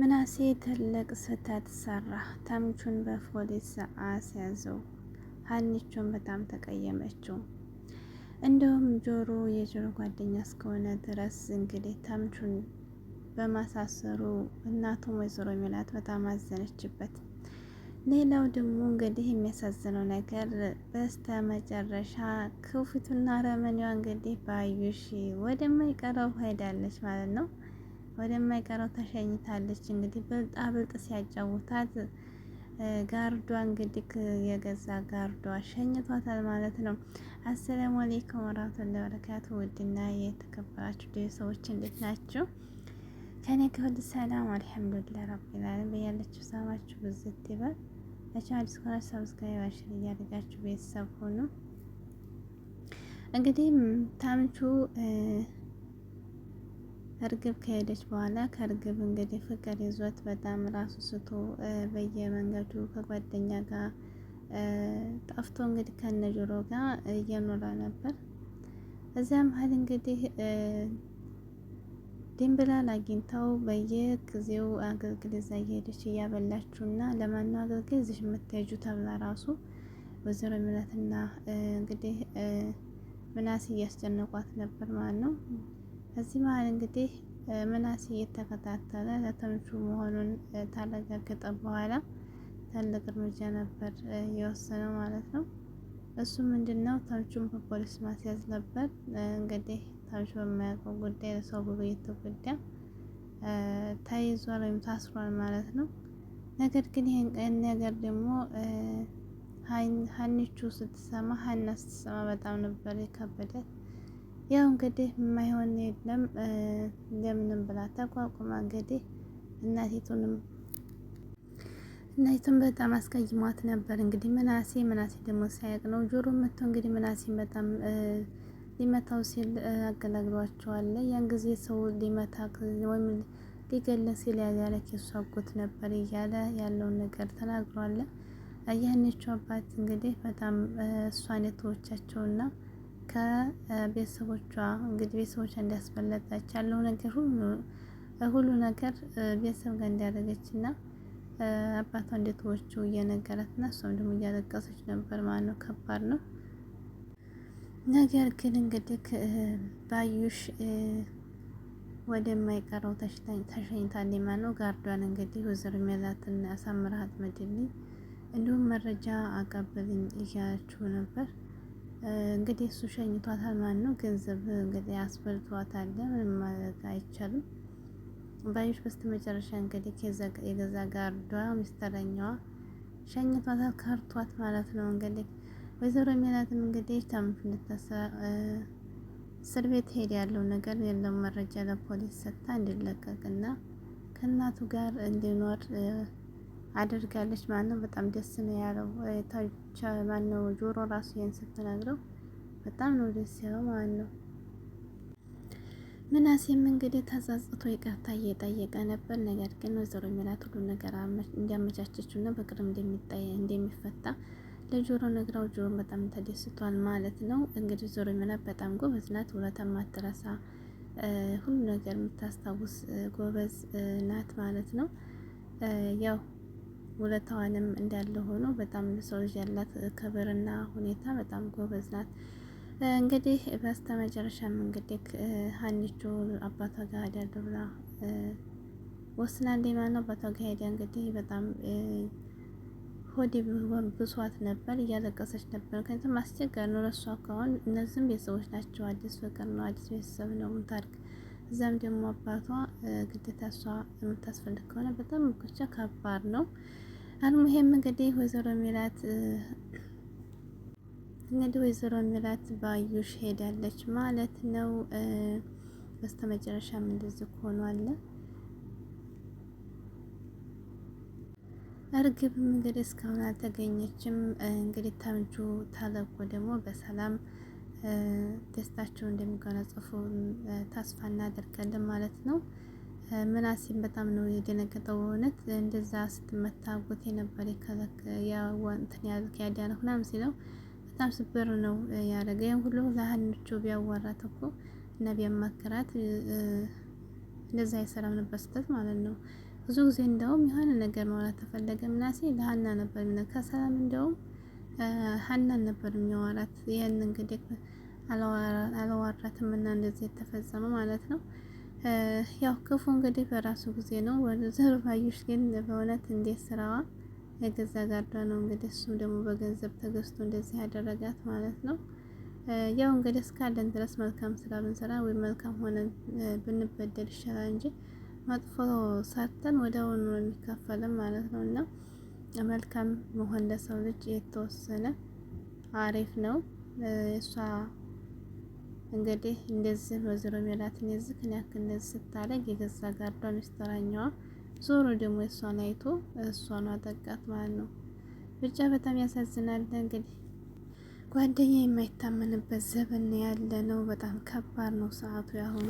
ምናሴ ትልቅ ስህተት ሰራ። ተምቹን በፖሊስ አስያዘው። ሀኒቾን በጣም ተቀየመችው። እንደውም ጆሮ የጆሮ ጓደኛ እስከሆነ ድረስ እንግዲህ ተምቹን በማሳሰሩ እናቱም ወይዘሮ ሚላት በጣም አዘነችበት። ሌላው ደግሞ እንግዲህ የሚያሳዝነው ነገር በስተ መጨረሻ ክፉቱና ረመኔዋ እንግዲህ ባዩሽ ወደማይቀረው ሄዳለች ማለት ነው። ወደማይቀረው ተሸኝታለች። እንግዲህ ብልጣ ብልጥ ሲያጫውታት ጋርዷ እንግዲህ የገዛ ጋርዷ ሸኝቷታል ማለት ነው። አሰላሙ አሌይኩም ወራህመቱላሂ ወበረካቱ። ውድና የተከበራችሁ ደስ ሰዎች እንዴት ናችሁ? ከኔ ከሁሉ ሰላም አልሐምዱሊላህ ረቢል ዓለሚን። ያላችሁ ሰማችሁ ብዝት ይበል። ለቻናል ስኮላር ሰብስክራይብ አሽር እያደረጋችሁ ቤተሰብ ሁኑ። እንግዲህ ታምቹ እርግብ ከሄደች በኋላ ከእርግብ እንግዲህ ፍቅር ይዞት በጣም ራሱ ስቶ በየመንገዱ ከጓደኛ ጋር ጠፍቶ እንግዲህ ከነጆሮ ጋር እየኖረ ነበር። እዚያ መሀል እንግዲህ ድንብላል አግኝተው በየጊዜው አገልግል እዛ እየሄደች እያበላችሁ እና ለማን አገልግል እዚህ የምትሄጁ ተብላ ራሱ ወይዘሮ ሚላትና እንግዲህ ምናስ እያስጨነቋት ነበር ማለት ነው። እዚህ መሀል እንግዲህ ምናሴ እየተከታተለ ለተምቹ መሆኑን ታረጋገጠ በኋላ ትልቅ እርምጃ ነበር የወሰነው ማለት ነው። እሱ ምንድን ነው ተምቹን በፖሊስ ማስያዝ ነበር። እንግዲህ ተምቹ በማያውቀው ጉዳይ ለሰው ብሎ እየተጎዳ ተይዟል ወይም ታስሯል ማለት ነው። ነገር ግን ይህን ነገር ደግሞ ሀኒቹ ስትሰማ ሀና ስትሰማ በጣም ነበር የከበዳት። ያው እንግዲህ የማይሆን የለም እንደምንም ብላ ተቋቁማ እንግዲህ እናቲቱንም እናቲቱን በጣም አስቀይሟት ነበር። እንግዲህ ምናሴ ምናሴ ደግሞ ሳያቅ ነው ጆሮ መጥቶ እንግዲህ ምናሴን በጣም ሊመታው ሲል አገላግሏቸዋለ። ያን ጊዜ ሰው ሊመታ ወይም ሊገለጽ ሲል ያለ ኬሱ አጎት ነበር እያለ ያለውን ነገር ተናግሯለ። ያህኔቹ አባት እንግዲህ በጣም እሷን የተወቻቸውና ከቤተሰቦቿ እንግዲህ ቤተሰቦቿ እንዳስፈለጋች ያለው ነገር ሁሉ ሁሉ ነገር ቤተሰብ ጋር እንዳደረገች እና አባቷ እንደተወችው እየነገራት እና እሷም ደግሞ እያለቀሰች ነበር ማለት ነው። ከባድ ነው። ነገር ግን እንግዲህ ባዩሽ ወደማይቀረው ተሸኝታለች ማለት ነው። ጋርዷን እንግዲህ ወይዘሮ ሜላትን አሳምረሃት መድልኝ እንዲሁም መረጃ አቀብልኝ እያለችው ነበር። እንግዲህ እሱ ሸኝቷታል ማለት ነው። ገንዘብ እንግዲህ አስበልቷታል። ምንም ማድረግ አይቻልም። ባዩሽ መጨረሻ እንግዲህ የገዛ ጋርዷ ሚስተረኛዋ ሸኝቷታል፣ ከርቷት ማለት ነው። እንግዲህ ወይዘሮ ሜላትም እንግዲህ ታምፍ እንድታሰ እስር ቤት ሄድ ያለው ነገር የለው መረጃ ለፖሊስ ሰጥታ እንዲለቀቅና ከእናቱ ጋር እንዲኖር አድርጋለች ማለት ነው። በጣም ደስ ነው ያለው ታቻ ማለት ነው። ጆሮ ራሱ ይሄን ስትነግረው በጣም ነው ደስ ያለው ማለት ነው። ምናሴም እንግዲህ ተጸጽቶ ይቅርታ እየጠየቀ ነበር። ነገር ግን ወይዘሮ ሚላት ሁሉ ነገር እንዲያመቻቸችው እና በቅርብ እንደሚፈታ ለጆሮ ነግራው ጆሮ በጣም ተደስቷል ማለት ነው። እንግዲህ ዞሮ ሚላት በጣም ጎበዝ ናት፣ ውለታ ማትረሳ ሁሉ ነገር የምታስታውስ ጎበዝ ናት ማለት ነው ያው ውለታዋንም እንዳለ ሆኖ በጣም ለሰው ልጅ ያላት ክብርና ሁኔታ በጣም ጎበዝ ናት። እንግዲህ በስተ በስተመጨረሻም እንግዲህ ሀኒቾ አባቷ ጋር ሄዳ ደውላ ወስናለች ማለት ነው። አባቷ ጋር ሄዳ እንግዲህ በጣም ሆዴ ቢሆን ብሷት ነበር፣ እያለቀሰች ነበር። ምክንያቱም አስቸጋሪ ነው ለሷ። ከሆን እነዚህም ቤተሰቦች ናቸው። አዲስ ፍቅር ነው፣ አዲስ ቤተሰብ ነው ምታርግ እዛም ደግሞ አባቷ ግዴታ እሷ የምታስፈልግ ከሆነ በጣም ብቻ ከባድ ነው። አልሙሄም እንግዲህ ወይዘሮ ሚላት እንግዲህ ወይዘሮ ሚላት ባዩሽ ሄዳለች ማለት ነው። በስተመጨረሻም እንደዚህ ሆኗል። እርግብም እንግዲህ እስካሁን አልተገኘችም። እንግዲህ ታምጁ ታለቆ ደግሞ በሰላም ደስታቸው እንደሚጎናጸፉ ተስፋ እናደርጋለን ማለት ነው። ምናሴም በጣም ነው የደነገጠው። እውነት እንደዛ ስትመታ አጎቴ ነበር የከለከ ያዋንትን ያልክ ያዳነው ምናምን ሲለው በጣም ስብር ነው ያደረገ። ያን ሁሉ ለሀንቾ ቢያዋራት እኮ እና ቢያማክራት እንደዛ አይሰራም ነበር ስህተት ማለት ነው። ብዙ ጊዜ እንደውም የሆነ ነገር ማውራት ተፈለገ ምናሴ ለሀና ነበር ከሰላም እንደውም ሀናን ነበር የሚያወራት። ይህን እንግዲህ አላዋራትም እና እንደዚህ የተፈጸመ ማለት ነው። ያው ክፉ እንግዲህ በራሱ ጊዜ ነው። ወይዘሮ ባዩሽ ግን በእውነት እንዴት ስራዋ የገዛ ጋርዷ ነው እንግዲህ እሱ ደግሞ በገንዘብ ተገዝቶ እንደዚህ ያደረጋት ማለት ነው። ያው እንግዲህ እስካለን ድረስ መልካም ስራ ብንሰራ ወይም መልካም ሆነን ብንበደል ይሻላል እንጂ መጥፎ ሰርተን ወዲያውኑ የሚከፈልን ማለት ነው እና መልካም መሆን ለሰው ልጅ የተወሰነ አሪፍ ነው። እሷ እንግዲህ እንደዚህ ወይዘሮ ሜላት እንደዚህ ክንያክ እንደዚህ ስታደርግ የገዛ ጋርዷ ሚስተራኛዋ ዞሮ ደግሞ እሷን አይቶ እሷን አጠቃት ማለት ነው። ብቻ በጣም ያሳዝናል። እንግዲህ ጓደኛ የማይታመንበት ዘበን ያለ ነው። በጣም ከባድ ነው ሰዓቱ ያሁኑ።